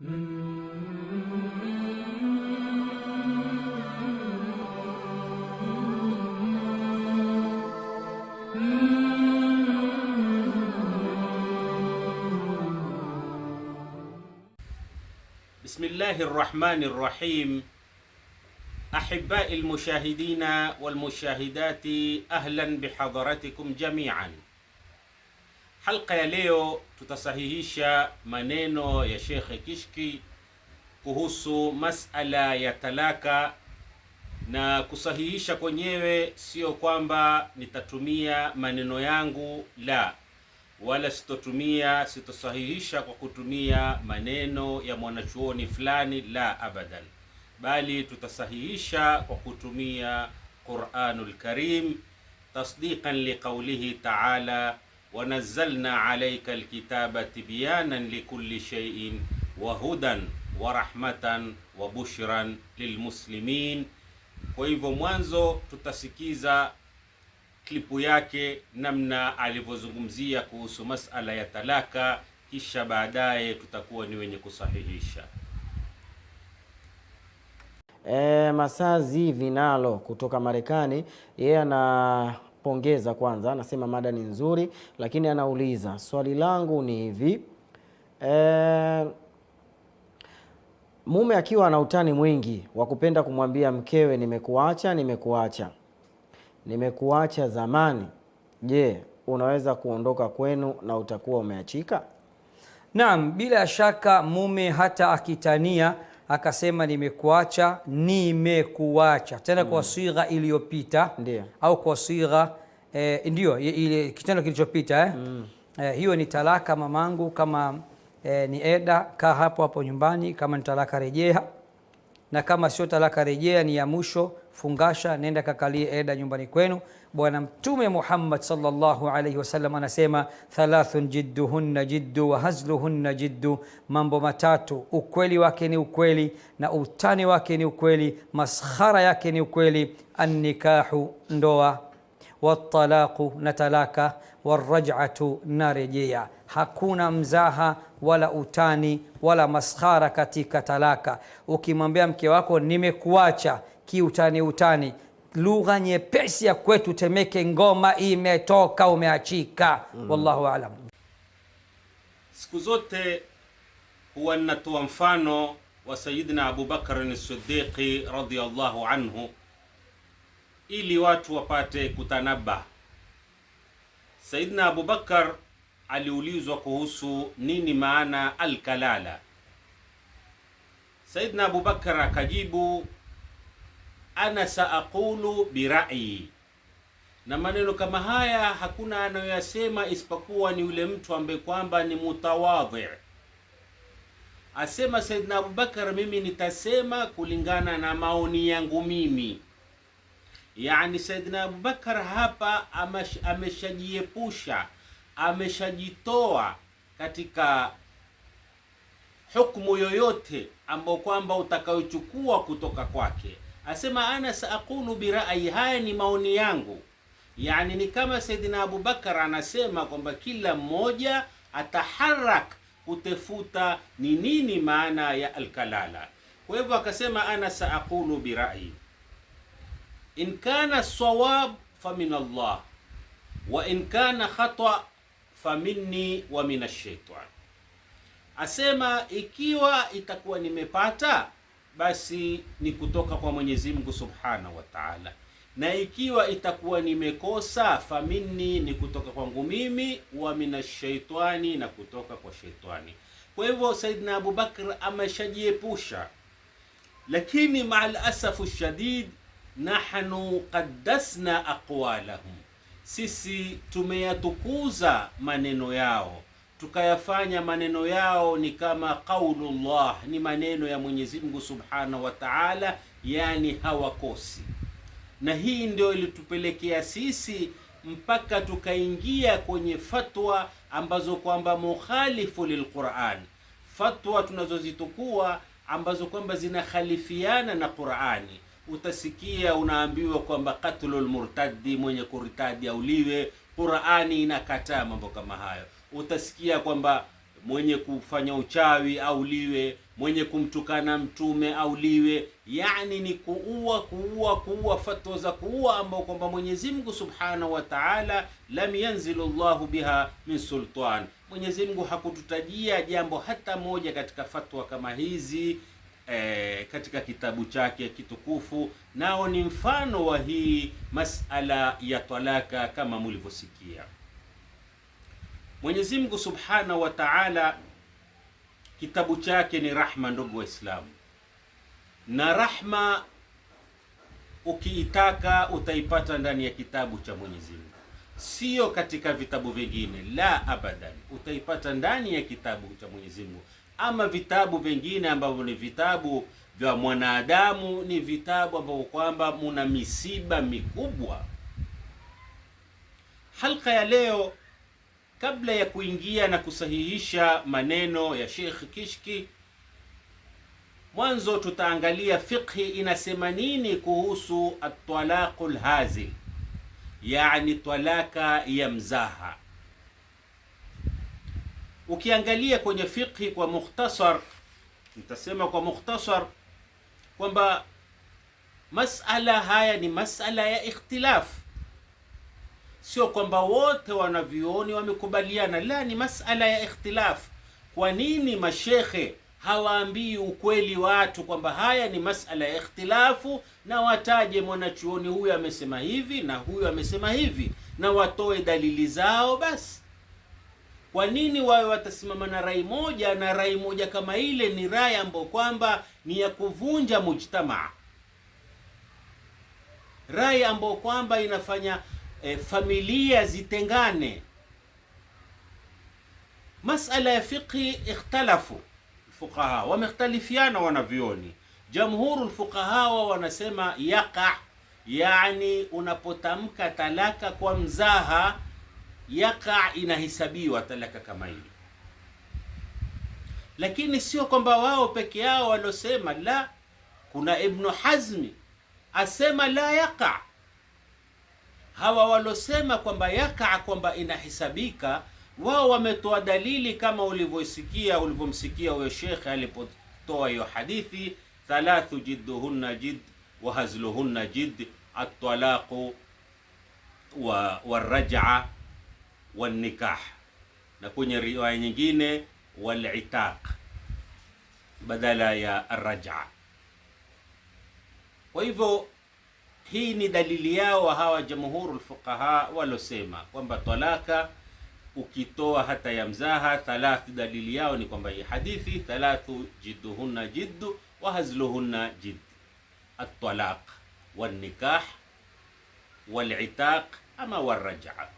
بسم الله الرحمن الرحيم احبائي المشاهدين والمشاهدات اهلا بحضرتكم جميعا Halqa ya leo tutasahihisha maneno ya Shekhe Kishki kuhusu masala ya talaka, na kusahihisha kwenyewe sio kwamba nitatumia maneno yangu, la, wala sitotumia sitosahihisha kwa kutumia maneno ya mwanachuoni fulani, la abadan, bali tutasahihisha kwa kutumia Quranul Karim tasdiqan liqaulihi ta'ala wa nazzalna alayka alkitaba tibyanan likulli shay'in wa hudan wa rahmatan wa bushran lilmuslimin. Kwa hivyo mwanzo tutasikiza klipu yake namna alivyozungumzia kuhusu masala ya talaka, kisha baadaye tutakuwa ni wenye kusahihisha. E, Masazi Vinalo kutoka Marekani yeye ana pongeza kwanza, anasema mada ni nzuri, lakini anauliza swali langu ni hivi e, mume akiwa ana utani mwingi wa kupenda kumwambia mkewe nimekuacha, nimekuacha, nimekuacha zamani, je, unaweza kuondoka kwenu na utakuwa umeachika? Naam, bila shaka mume hata akitania akasema nimekuacha, nimekuacha tena mm. kwa sigha iliyopita au kwa sigha eh, ndio ile kitendo kilichopita eh? mm. eh, hiyo ni talaka mamangu, kama eh, ni eda, kaa hapo hapo nyumbani. Kama ni talaka rejea, na kama sio talaka rejea, ni ya mwisho fungasha, nenda kakalie eda nyumbani kwenu. Bwana Mtume Muhammad sallallahu alaihi wasallam anasema thalathun jidduhunna jiddu wa hazluhunna jiddu, mambo matatu ukweli wake ni ukweli na utani wake ni ukweli, maskhara yake ni ukweli, annikahu ndoa, watalaqu na talaka, waraj'atu na rejea. Hakuna mzaha wala utani wala maskhara katika talaka. Ukimwambia mke wako nimekuacha kiutani utani lugha nyepesi ya kwetu Temeke, ngoma imetoka, umeachika. mm. Wallahu alam. Siku zote huwa ninatoa mfano wa Sayidina Abubakar Sidiqi radhiyallahu anhu ili watu wapate kutanaba. Sayidina Abubakar aliulizwa kuhusu nini maana alkalala. Sayidina Abubakar akajibu ana saaqulu bira'i. Na maneno kama haya hakuna anayoyasema isipokuwa ni yule mtu ambaye kwamba ni mutawadhi. Asema Saidna Abubakar, mimi nitasema kulingana na maoni yangu mimi. Yani Saidna Abubakar hapa ameshajiepusha, ameshajitoa katika hukumu yoyote ambayo kwamba utakayochukua kutoka kwake asema ana saakulu birai haya ni maoni yangu. Yani ni kama Saidina Abubakar anasema kwamba kila mmoja ataharak kutefuta ni nini maana ya alkalala. Kwa hivyo akasema ana saakulu birayi, in kana sawab fa min Allah wa in kana khata fa minni wa min ash-shaytan. Asema ikiwa itakuwa nimepata basi ni kutoka kwa Mwenyezi Mungu Subhanahu wa Ta'ala, na ikiwa itakuwa nimekosa, famini ni kutoka kwangu mimi, wa minashaitani, na kutoka kwa shaitani. Kwa hivyo Saidna Abubakar ameshajiepusha, lakini maal asafu shadid nahnu qaddasna aqwalahum, sisi tumeyatukuza maneno yao tukayafanya maneno yao ni kama qaulullah, ni maneno ya Mwenyezi Mungu Subhanahu wa Ta'ala, yani hawakosi. Na hii ndio ilitupelekea sisi mpaka tukaingia kwenye fatwa ambazo kwamba mukhalifu lilquran, fatwa tunazozitukua ambazo kwamba zinakhalifiana na Qurani. Utasikia unaambiwa kwamba qatlul murtaddi, mwenye kurtadi auliwe. Qurani inakataa mambo kama hayo utasikia kwamba mwenye kufanya uchawi auliwe, mwenye kumtukana mtume au liwe Yani ni kuua, kuua, kuua, fatwa za kuua ambao kwamba Mwenyezi Mungu Subhanahu wa Ta'ala, lam yanzilu Allahu biha min sultan, Mwenyezi Mungu hakututajia jambo hata moja katika fatwa kama hizi E, katika kitabu chake kitukufu. Nao ni mfano wa hii masala ya talaka kama mulivyosikia. Mwenyezi Mungu Subhanahu wa Ta'ala kitabu chake ni rahma, ndugu Waislamu, na rahma ukiitaka utaipata ndani ya kitabu cha Mwenyezi Mungu, sio katika vitabu vingine, la abadan. Utaipata ndani ya kitabu cha Mwenyezi Mungu. Ama vitabu vingine ambavyo ni vitabu vya mwanadamu, ni vitabu ambavyo kwamba muna misiba mikubwa. Halka ya leo kabla ya kuingia na kusahihisha maneno ya Sheikh Kishki, mwanzo tutaangalia fiqhi inasema nini kuhusu at-talaqul hazil, yani talaka ya mzaha. Ukiangalia kwenye fiqhi kwa mukhtasar, nitasema kwa mukhtasar kwamba masala haya ni masala ya ikhtilafu sio kwamba wote wanavyoni wamekubaliana, la, ni masala ya ikhtilafu. Kwa nini mashekhe hawaambii ukweli watu kwamba haya ni masala ya ikhtilafu, na wataje mwanachuoni huyu amesema hivi na huyu amesema hivi, na watoe dalili zao? Basi kwa nini wawe watasimama na rai moja, na rai moja kama ile ni rai ambayo kwamba ni ya kuvunja mujtamaa, rai ambayo kwamba inafanya e, familia zitengane. Masala ya fiqhi ikhtalafu fuqaha, wamekhtalifiana wanavyoni. Jamhuru lfuqahawa wanasema yaqa, yani unapotamka talaka kwa mzaha, yaqa inahesabiwa talaka kama hili lakini sio kwamba wao peke yao walosema la. Kuna Ibnu Hazmi asema la yaqa, hawa walosema kwamba yakaa kwamba inahesabika, wao wametoa dalili kama ulivyosikia ulivyomsikia huyo shekhe alipotoa hiyo hadithi, thalathu jidduhunna jidd wa hazluhunna jidd at-talaqu wa waraj'a wan nikah, na kwenye riwaya nyingine wal itaq badala ya arraj'a. Kwa hivyo hii ni dalili yao wa hawa jamhuru fuqaha walosema kwamba talaka ukitoa hata ya mzaha thalathu, dalili yao ni kwamba hii hadithi thalathu jidduhunna jiddu wa hazluhunna jidd, at-talaq wal nikah wal itaq ama waraj'a.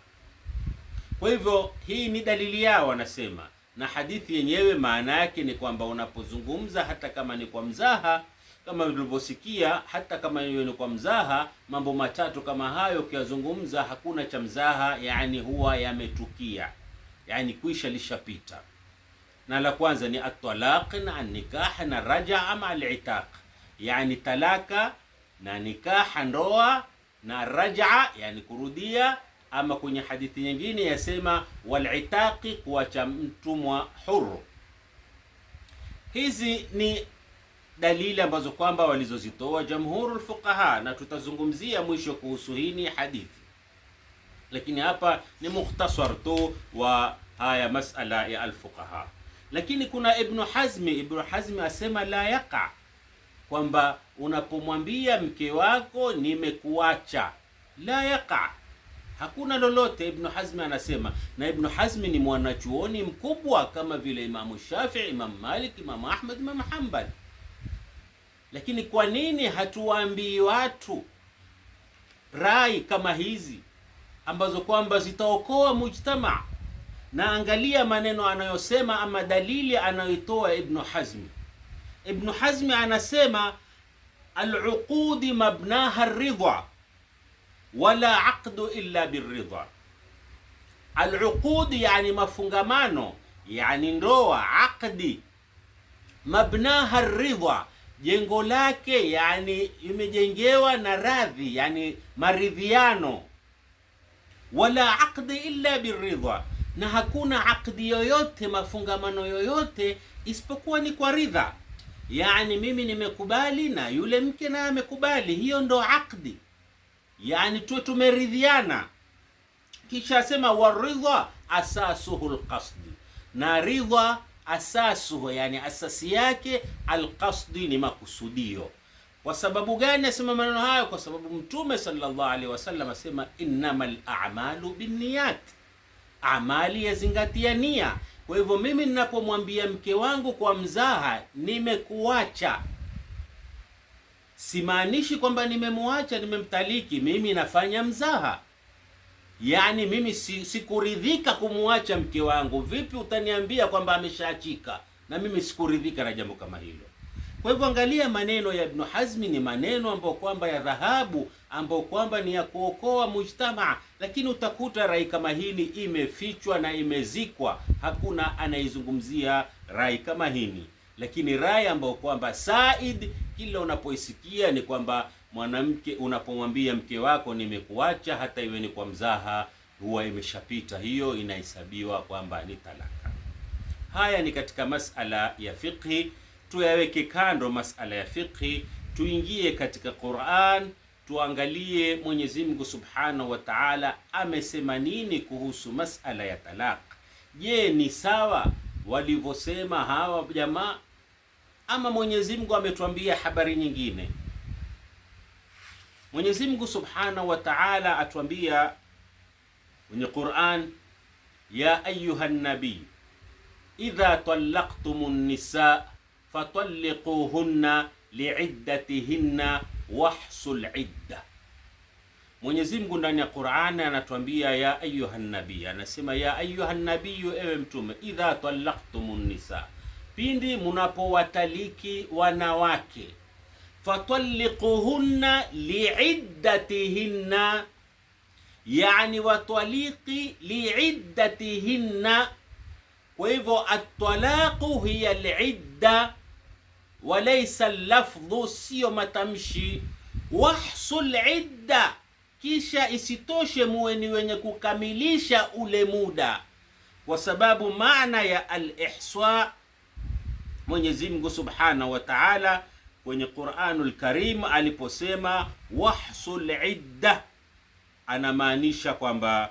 Kwa hivyo hii ni dalili yao wanasema, na hadithi yenyewe maana yake ni kwamba unapozungumza hata kama ni kwa mzaha kama tulivyosikia, hata kama iwe ni kwa mzaha. Mambo matatu kama hayo ukiyazungumza, hakuna cha mzaha, yani huwa yametukia, yani kuisha lishapita. Na la kwanza ni atalaq na an-nikah na rajaa al alitaq, yani talaka na nikaha ndoa na rajaa yani kurudia ama kwenye hadithi nyingine yasema walitaqi, kuacha mtumwa huru. Hizi ni dalili ambazo kwamba walizozitoa jamhurul fuqaha, na tutazungumzia mwisho kuhusu hini hadithi, lakini hapa ni mukhtasar tu wa haya masala ya alfuqaha. Lakini kuna Ibnu Hazmi, Ibnu Hazmi asema la yaqa, kwamba unapomwambia mke wako nimekuacha, la yaqa, hakuna lolote. Ibnu Hazmi anasema, na Ibnu Hazmi ni mwanachuoni mkubwa kama vile Imamu Shafii, Imamu Malik, Imamu Ahmad, Imamu Hanbali. Lakini kwa nini hatuwaambii watu rai kama hizi ambazo kwamba zitaokoa mujtama? Na angalia maneno anayosema ama dalili anayoitoa Ibnu Hazmi. Ibnu Hazmi anasema aluqudi mabnaha ridha wala aqdu illa birridha. Aluqudi yani mafungamano, yani ndoa, aqdi mabnaha ridha jengo lake, yani imejengewa na radhi, yani maridhiano. Wala aqdi illa biridha, na hakuna aqdi yoyote mafungamano yoyote isipokuwa ni kwa ridha. Yani mimi nimekubali na yule mke naye amekubali, hiyo ndo aqdi, yani tuwe tumeridhiana. Kisha asema waridha asasuhu lqasdi, na ridha asasuhu, yani asasi yake alqasdi, ni makusudio. Kwa sababu gani asema maneno hayo? Kwa sababu Mtume sallallahu alaihi wasallam asema innamal a'malu binniyat, amali yazingatia nia. Kwa hivyo mimi ninapomwambia mke wangu kwa mzaha nimekuacha, simaanishi kwamba nimemwacha, nimemtaliki. Mimi nafanya mzaha yaani mimi si, sikuridhika kumwacha mke wangu. Vipi utaniambia kwamba ameshaachika? Na mimi sikuridhika na jambo kama hilo. Kwa hivyo angalia, maneno ya Ibn Hazmi ni maneno ambayo kwamba ya dhahabu, ambayo kwamba ni ya kuokoa mujtamaa, lakini utakuta rai kama hili imefichwa na imezikwa, hakuna anaizungumzia rai kama hili, lakini rai ambayo kwamba Said kila unapoisikia ni kwamba mwanamke unapomwambia mke wako nimekuacha, hata iwe ni kwa mzaha, huwa imeshapita hiyo, inahesabiwa kwamba ni talaka. Haya ni katika masala ya fiqhi. Tuyaweke kando masala ya fiqhi, tuingie katika Qur'an, tuangalie Mwenyezi Mungu Subhanahu wa Ta'ala amesema nini kuhusu masala ya talaq. Je, ni sawa walivyosema hawa jamaa ama Mwenyezi Mungu ametuambia habari nyingine? Mwenyezi Mungu Subhanahu wa Ta'ala atuambia kwenye Qur'an, ya ayuha nabi idha tallaqtumun nisa fatalliquhunna liiddatihinna wahsul idda. Mwenyezi Mungu ndani ya Qur'ani anatuambia ya ayuha nabii, anasema ya ayuha nabi, ewe mtume, idha tallaqtumun nisa, pindi munapowataliki wanawake fatalliquhunna liiddatihinna, yani wataliki liiddatihinna. Kwa hivyo atalaqu hiya lidda walaysa lafdhu, siyo matamshi. Wahsul idda, kisha isitoshe muwe ni wenye kukamilisha ule muda, kwa sababu maana ya al-ihsa Mwenyezi Mungu Subhanahu wa Ta'ala kwenye Quranul Karim aliposema wahsul idda, anamaanisha kwamba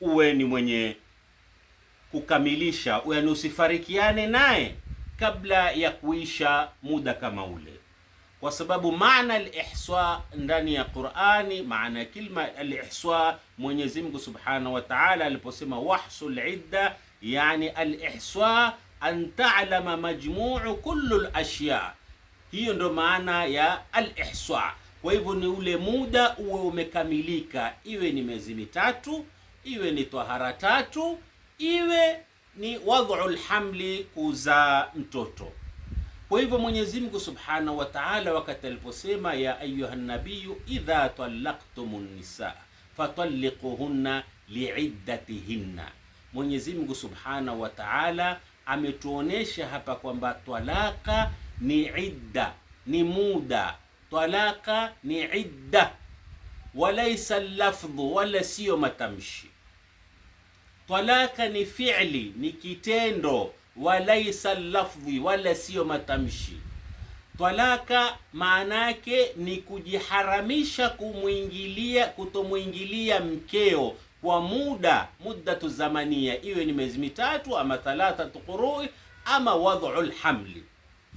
uwe ni mwenye kukamilisha, yaani usifarikiane naye kabla ya kuisha muda kama ule, kwa sababu maana al-ihsa ndani ya Qur'ani, maana kilma al-ihsa, Mwenyezi Mungu Subhanahu wa Ta'ala aliposema wahsul idda, yani al-ihsa an ta'lama majmu'u kullu al-ashya hiyo ndo maana ya al-ihsa. Kwa hivyo ni ule muda uwe umekamilika, iwe ni miezi mitatu, iwe ni tahara tatu, iwe ni wadhul hamli, kuzaa mtoto. Kwa hivyo Mwenyezi Mungu Subhanahu wa Ta'ala wakati aliposema ya ayuha nabiyu idha talaqtumun nisaa fatalliquhunna liiddatihinna, Mwenyezi Mungu Subhanahu wa Ta'ala ametuonesha hapa kwamba talaka ni idda, ni muda. Talaka ni idda, walaisa lafdhu, wala siyo matamshi. Talaka ni fi'li, ni kitendo, walaisa lafdhi, wala siyo matamshi. Talaka maana yake ni kujiharamisha kumwingilia, kutomwingilia mkeo kwa muda, muddatu zamania, iwe ni miezi mitatu ama thalathatu qurui ama wad'u lhamli.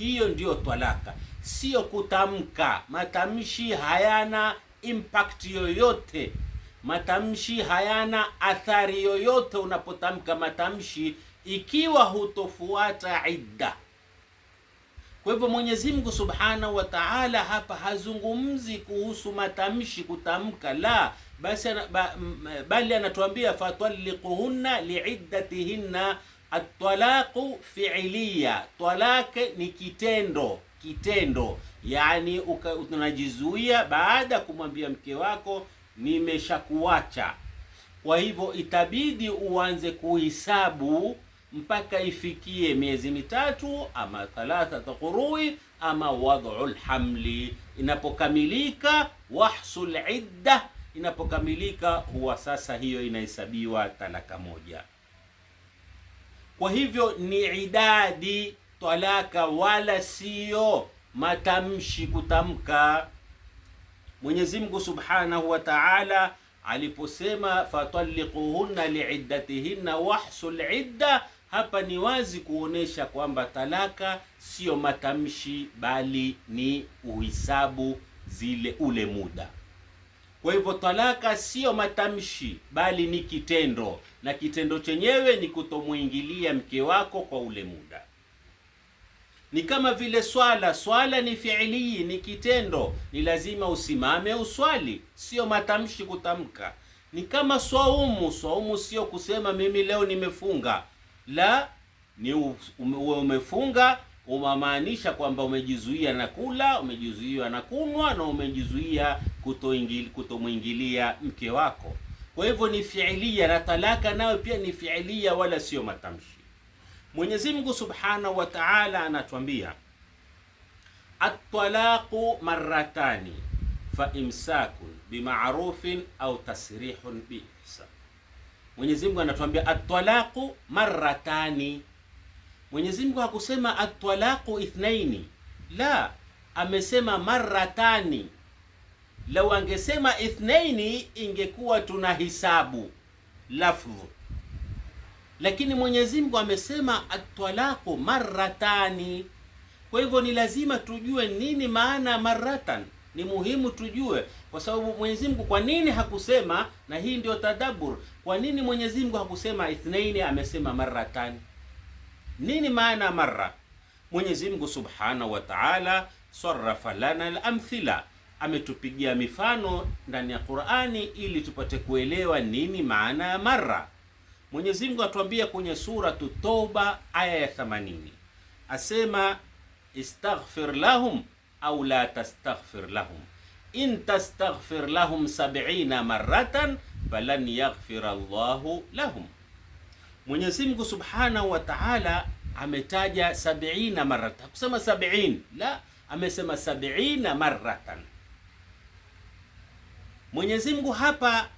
Hiyo ndiyo twalaka sio kutamka. Matamshi hayana impact yoyote, matamshi hayana athari yoyote unapotamka matamshi ikiwa hutofuata idda. Kwa hivyo Mwenyezi Mungu Subhanahu wa Ta'ala hapa hazungumzi kuhusu matamshi kutamka, la basi, bali anatuambia fatwalliquhunna liiddatihinna atalaqu talaqu fi'liya, talaq ni kitendo, kitendo yani unajizuia baada ya kumwambia mke wako nimeshakuacha. Kwa hivyo itabidi uanze kuhisabu mpaka ifikie miezi mitatu ama thalatha qurui ama wadu hamli. Inapokamilika wahsul idda, inapokamilika huwa sasa hiyo inahesabiwa talaka moja. Kwa hivyo ni idadi talaka, wala siyo matamshi kutamka. Mwenyezi Mungu Subhanahu wa Ta'ala aliposema fatalliquhunna liiddatihinna wahsul idda, hapa ni wazi kuonesha kwamba talaka siyo matamshi, bali ni uhisabu zile ule muda. Kwa hivyo talaka sio matamshi, bali ni kitendo, na kitendo chenyewe ni kutomwingilia mke wako kwa ule muda. Ni kama vile swala. Swala ni fiilii, ni kitendo, ni lazima usimame uswali, sio matamshi kutamka. Ni kama swaumu. Swaumu sio kusema mimi leo nimefunga, la, ni uwe umefunga umamaanisha kwamba umejizuia na kula, umejizuia na kunywa, na umejizuia kutomwingilia mke wako. Kwa hivyo ni fiilia, na talaka nayo pia ni fiilia, wala sio matamshi. Mwenyezi Mungu Subhanahu wa Ta'ala anatuambia at-talaqu marratani fa imsakun bima'rufin au tasrihun bi ihsan. Mwenyezi Mungu anatuambia at-talaqu marratani. Mwenyezi Mungu hakusema at-talaqu ithnaini, la, amesema marratani Lau angesema ithnaini, ingekuwa tuna hisabu lafdhu, lakini Mwenyezi Mungu amesema atwalaku marratani. Kwa hivyo ni lazima tujue nini maana marratan, ni muhimu tujue, kwa sababu Mwenyezi Mungu kwa nini hakusema, na hii ndio tadabur Kwa nini Mwenyezi Mungu hakusema ithnaini, amesema marratani? Nini maana marra? Mwenyezi Mungu subhanahu wa ta'ala sarafa lana al-amthila ametupigia mifano ndani ya Qur'ani ili tupate kuelewa nini maana ya mara. Mwenyezi Mungu atuambia kwenye suratu Toba aya ya 80, asema istaghfir lahum au la tastaghfir lahum in tastaghfir lahum sab'ina maratan falan yaghfir Allahu lahum. Mwenyezi Mungu Subhanahu wa Ta'ala ametaja sab'ina maratan, kusema sab'in la, amesema sab'ina maratan Mwenyezi Mungu hapa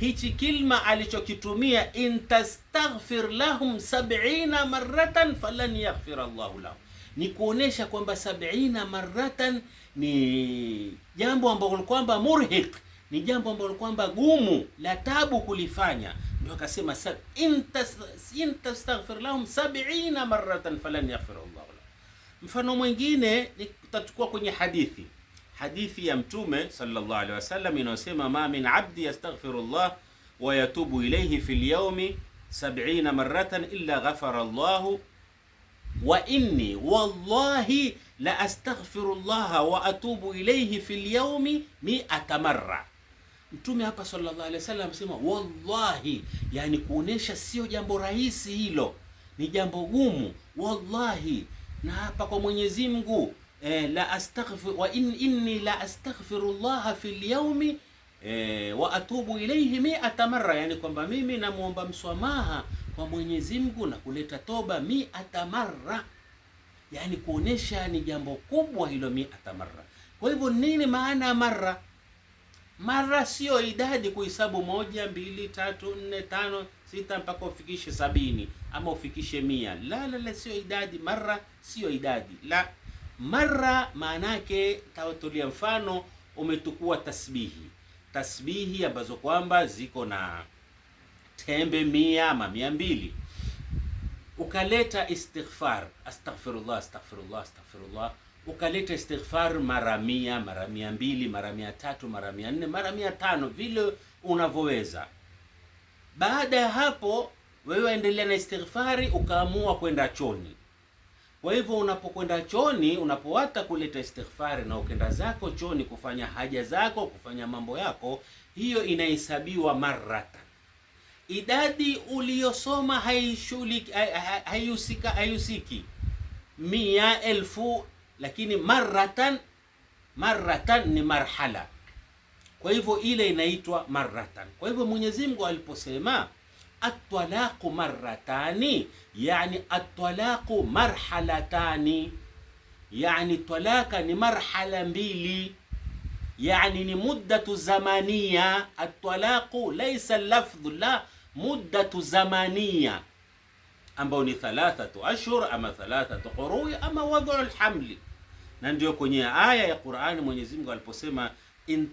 hichi kilma alichokitumia tastaghfir lahum sab'ina maratan falan yaghfir Allahu lahum, ni kuonesha kwamba sab'ina maratan ni jambo ambalo kwamba murhiq, ni jambo ambalo kwamba gumu la tabu kulifanya. Ndio akasema tastaghfir lahum sab'ina maratan falan yaghfir Allahu lahum. Mfano mwingine nitachukua kwenye hadithi hadithi ya Mtume sallallahu alaihi wasallam inayosema ma min abdi yastaghfirullah wa yatubu ilayhi fil yawmi 70 maratan illa ghafara Allahu wa inni wallahi la astaghfirullaha wa atubu ilayhi fil yawmi mi'ata marra. Mtume hapa sallallahu alaihi wasallam anasema wallahi, yani kuonesha sio jambo rahisi hilo, ni jambo gumu. Wallahi, na hapa kwa Mwenyezi Mungu eh, la astaghfir wa in, inni la astaghfiru llaha fi yawmi eh, wa atubu ilayhi mi'ata marra, yani kwamba mimi namuomba msamaha kwa Mwenyezi Mungu na kuleta toba mi'ata marra, yani kuonesha ni jambo kubwa hilo mi'ata marra. Kwa hivyo nini maana ya marra? Mara siyo idadi kuhesabu moja, mbili, tatu, nne, tano, sita mpaka ufikishe sabini ama ufikishe mia. La, la, la, siyo idadi. Mara sio idadi, la. Mara maana yake tawatulia, mfano umetukua tasbihi, tasbihi ambazo kwamba ziko na tembe mia ama mia mbili, ukaleta istighfar, astaghfirullah, astaghfirullah, astaghfirullah, ukaleta istighfar mara mia, mara mia mbili, mara mia tatu, mara mia nne, mara mia tano, vile unavyoweza. Baada ya hapo, wewe endelea na istighfari, ukaamua kwenda choni kwa hivyo unapokwenda choni unapowata kuleta istighfari na ukenda zako choni kufanya haja zako, kufanya mambo yako, hiyo inahesabiwa marata. Idadi uliyosoma haihusika, haihusiki mia elfu, lakini maratan, maratan ni marhala. Kwa hivyo ile inaitwa maratan. Kwa hivyo Mwenyezi Mungu aliposema atalaqu marratani, yani atalaqu marhalatani, yani talaka ni marhala mbili, yani ni muddatu zamania. Atalaqu laisa lafdhu la muddatu zamania ambao ni thalathatu ashhur ama thalathatu qurui ama wad'u alhamli, na ndio kwenye aya ya Qur'ani Mwenyezi Mungu aliposema, in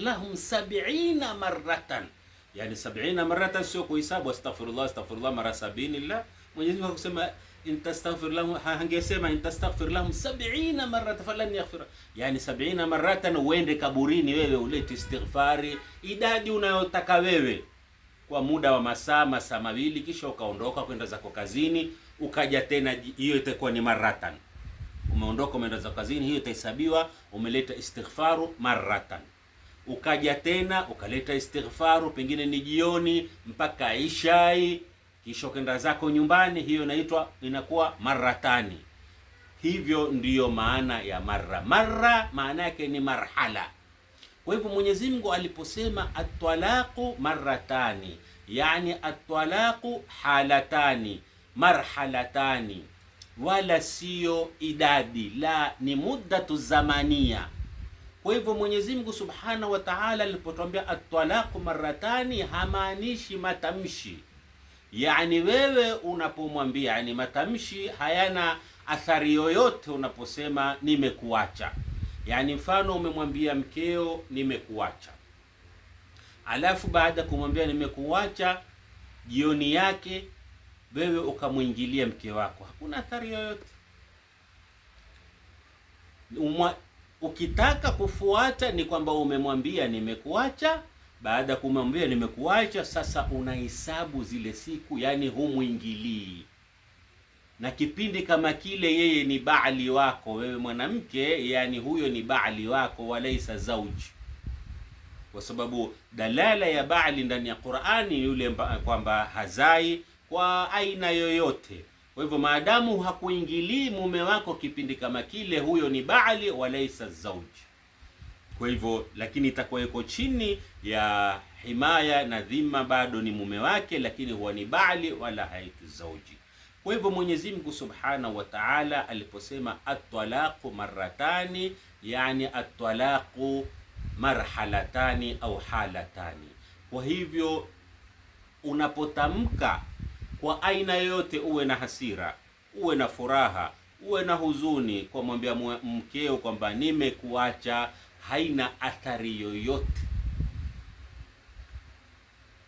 lahum sab'ina marratan yani sabina maratan, sio kuhesabu astaghfirullah, astaghfirullah mara sabini la Mwenyezi Mungu akusema intastaghfir lahum, hangesema intastaghfir lahum sabina maratan falan yaghfira, yani sabina maratan. Uende kaburini wewe ulete istighfari idadi unayotaka wewe kwa muda wa masaa masaa mawili, kisha ukaondoka kwenda zako kazini, ukaja tena, hiyo itakuwa ni maratan. Umeondoka umeenda zako kazini, hiyo itahesabiwa umeleta istighfaru maratan ukaja tena ukaleta istighfaru, pengine ni jioni mpaka ishai, kisha kenda zako nyumbani, hiyo inaitwa inakuwa maratani. Hivyo ndiyo maana ya mara. Mara maana yake ni marhala. Kwa hivyo Mwenyezi Mungu aliposema atwalaqu maratani marratani, yani atwalaqu halatani marhalatani, wala siyo idadi la, ni muddatu zamania kwa hivyo Mwenyezi Mungu Subhanahu wa Ta'ala alipotwambia at-talaqu marratani, hamaanishi matamshi. Yaani wewe unapomwambia, yani matamshi hayana athari yoyote unaposema nimekuacha. Yaani mfano umemwambia mkeo nimekuacha, alafu baada ya kumwambia nimekuacha, jioni yake wewe ukamwingilia mke wako, hakuna athari yoyote Ukitaka kufuata ni kwamba umemwambia nimekuacha. Baada ya kumwambia nimekuacha, sasa unahesabu zile siku, yani humwingilii. Na kipindi kama kile, yeye ni baali wako wewe mwanamke, yani huyo ni baali wako, walaisa zauji, kwa sababu dalala ya baali ndani ya Qur'ani yule kwamba hazai kwa aina yoyote kwa hivyo maadamu hakuingilii mume wako kipindi kama kile, huyo ni baali walaisa zauj. Kwa hivyo lakini itakuwa yuko chini ya himaya na dhima, bado ni mume wake, lakini huwa ni baali wala haitu zauji. Kwa hivyo Mwenyezi Mungu Subhanahu wa Ta'ala aliposema at-talaqu marratani, yani at-talaqu marhalatani au halatani. Kwa hivyo unapotamka kwa aina yoyote, uwe na hasira, uwe na furaha, uwe na huzuni, kwa mwambia mkeo kwamba nimekuacha, haina athari yoyote.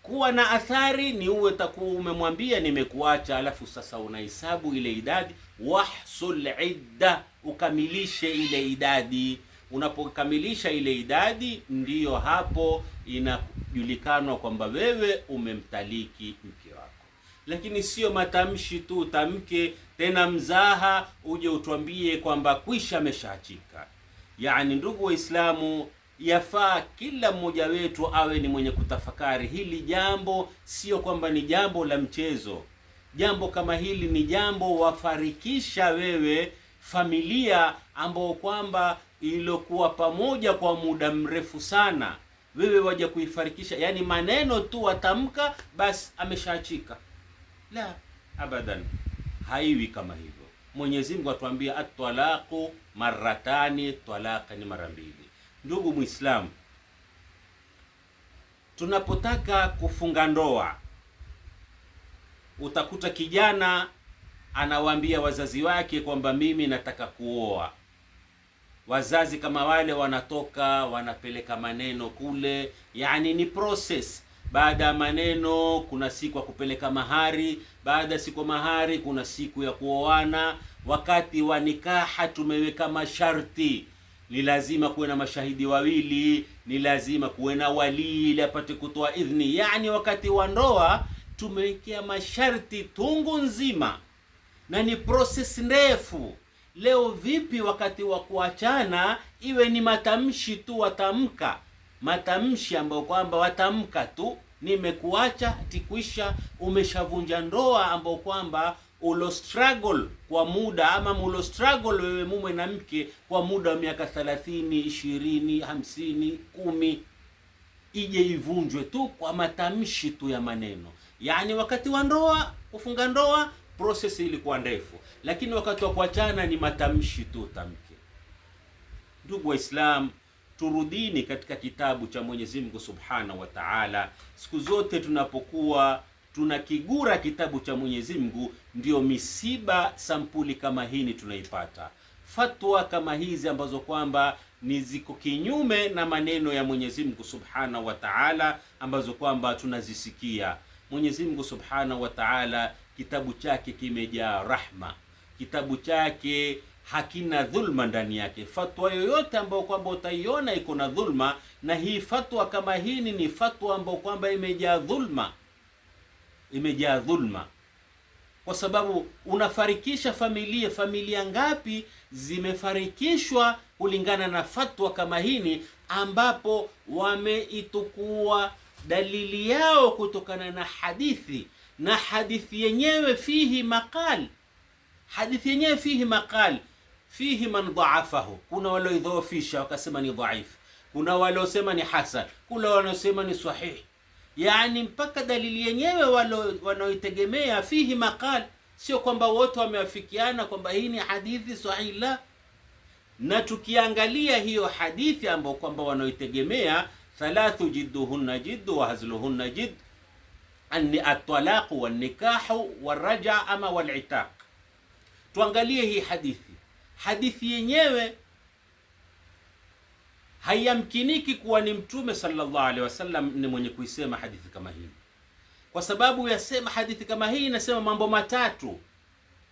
Kuwa na athari ni uwe takuwa umemwambia nimekuacha, alafu sasa unahesabu ile idadi, wahsul idda, ukamilishe ile idadi. Unapokamilisha ile idadi, ndiyo hapo inajulikanwa kwamba wewe umemtaliki mke lakini sio matamshi tu, utamke tena mzaha, uje utwambie kwamba kwisha ameshaachika. Yani ndugu Waislamu, yafaa kila mmoja wetu awe ni mwenye kutafakari hili jambo, sio kwamba ni jambo la mchezo. Jambo kama hili ni jambo wafarikisha wewe familia ambao kwamba ilokuwa pamoja kwa muda mrefu sana, wewe waja kuifarikisha. Yani maneno tu watamka, basi ameshaachika. La abadan, haiwi kama hivyo. Mwenyezi Mungu atuambia atwalaku maratani, twalaka ni mara mbili. Ndugu Muislamu, tunapotaka kufunga ndoa utakuta kijana anawaambia wazazi wake kwamba mimi nataka kuoa. Wazazi kama wale wanatoka wanapeleka maneno kule, yani ni process baada ya maneno kuna siku ya kupeleka mahari, baada ya siku mahari kuna siku ya kuoana. Wakati wa nikaha tumeweka masharti, ni lazima kuwe na mashahidi wawili, ni lazima kuwe na walii ili apate kutoa idhni. Yani wakati wa ndoa tumewekea masharti tungu nzima, na ni proses ndefu. Leo vipi wakati wa kuachana iwe ni matamshi tu watamka matamshi ambayo kwamba watamka tu nimekuacha tikwisha, umeshavunja ndoa ambao kwamba ulo struggle kwa muda ama mulo struggle wewe mume na mke kwa muda wa miaka 30, 20, 50, 10, ije ivunjwe tu kwa matamshi tu ya maneno. Yaani wakati wa ndoa, kufunga ndoa process ilikuwa ndefu, lakini wakati wa kuachana ni matamshi tu tamke. Ndugu Waislamu, turudini katika kitabu cha Mwenyezi Mungu Subhanahu wa Ta'ala. Siku zote tunapokuwa tunakigura kitabu cha Mwenyezi Mungu, ndiyo misiba sampuli kama hii tunaipata, fatwa kama hizi ambazo kwamba ni ziko kinyume na maneno ya Mwenyezi Mungu Subhanahu wa Ta'ala, ambazo kwamba tunazisikia. Mwenyezi Mungu Subhanahu wa Ta'ala, kitabu chake kimejaa rahma, kitabu chake hakina dhulma ndani yake. Fatwa yoyote ambayo kwamba utaiona iko na dhulma, na hii fatwa kama hii ni fatwa ambayo kwamba imejaa dhulma, imejaa dhulma kwa sababu unafarikisha familia. Familia ngapi zimefarikishwa kulingana na fatwa kama hini, ambapo wameitukua dalili yao kutokana na hadithi, na hadithi yenyewe fihi maqal, hadithi yenyewe fihi maqal fihi man dhaafahu, kuna walioidhoofisha wakasema ni dhaifu, kuna waliosema ni hasan, kuna waliosema ni sahihi, yani mpaka dalili yenyewe wanaoitegemea fihi maqal. Sio kwamba wote wamewafikiana kwamba hii ni hadithi sahihi, la na tukiangalia hiyo hadithi ambayo kwamba wanaoitegemea thalathu jidduhunna jiddu wa hazluhunna jidd ani atalaqu wanikahu waraja ama walitaq, tuangalie hii hadithi hadithi yenyewe haiyamkiniki kuwa ni mtume sallallahu alaihi wasallam ni mwenye kuisema hadithi kama hii, kwa sababu yasema hadithi kama hii inasema mambo matatu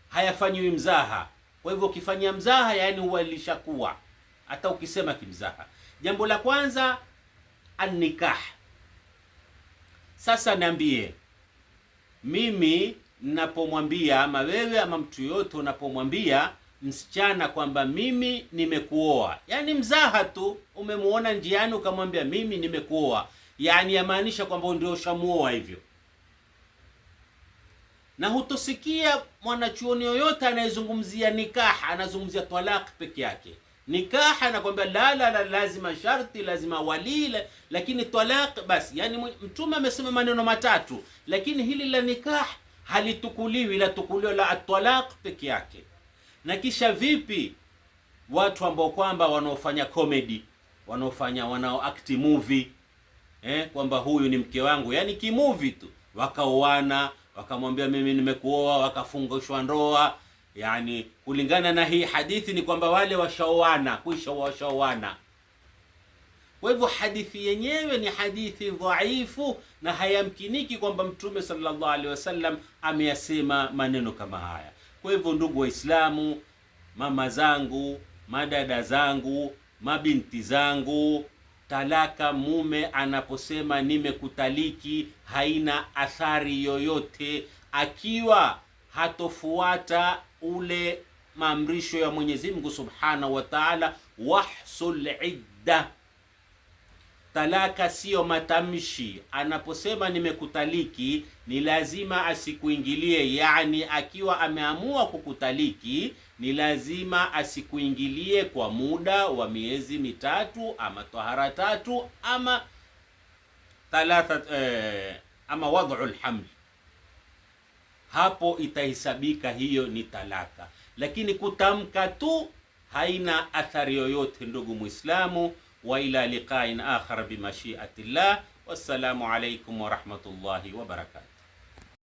hayafanyiwi mzaha. Kwa hivyo ukifanyia mzaha, yaani huwa ilishakuwa hata ukisema kimzaha. Jambo la kwanza annikah. Sasa niambie mimi, ninapomwambia ama wewe ama mtu yoyote unapomwambia msichana kwamba mimi nimekuoa, yaani mzaha tu, umemuona njiani ukamwambia mimi nimekuoa, yaani yamaanisha kwamba ndio ushamuoa hivyo. Na hutosikia mwanachuoni yoyote anayezungumzia nikaha anazungumzia talaq peke yake. Nikaha anakwambia la la la, lazima sharti, lazima walii, lakini talaq basi. Yaani Mtume amesema maneno matatu, lakini hili la nikah halitukuliwi, la tukuliwa la atalaq peke yake na kisha vipi watu ambao kwamba wanaofanya comedy wanaofanya wanaoact movie eh, kwamba huyu ni mke wangu, yani kimovie tu, wakaoana wakamwambia mimi nimekuoa, wakafungushwa ndoa. Yani kulingana na hii hadithi ni kwamba wale washaoana, kuisha washaoana. Kwa hivyo hadithi yenyewe ni hadithi dhaifu na hayamkiniki kwamba Mtume sallallahu alaihi wasallam ameyasema maneno kama haya. Kwa hivyo, ndugu Waislamu, mama zangu, madada zangu, mabinti zangu, talaka mume anaposema nimekutaliki haina athari yoyote, akiwa hatofuata ule maamrisho ya Mwenyezi Mungu Subhanahu wa Ta'ala, wahsul idda Talaka siyo matamshi. Anaposema nimekutaliki, ni lazima asikuingilie. Yani akiwa ameamua kukutaliki, ni lazima asikuingilie kwa muda wa miezi mitatu ama tahara tatu ama thalatha, eh, ama wad'ul hamli. Hapo itahesabika hiyo ni talaka, lakini kutamka tu haina athari yoyote, ndugu Muislamu. وإلى لقاء آخر بمشيئة الله والسلام عليكم ورحمة الله وبركاته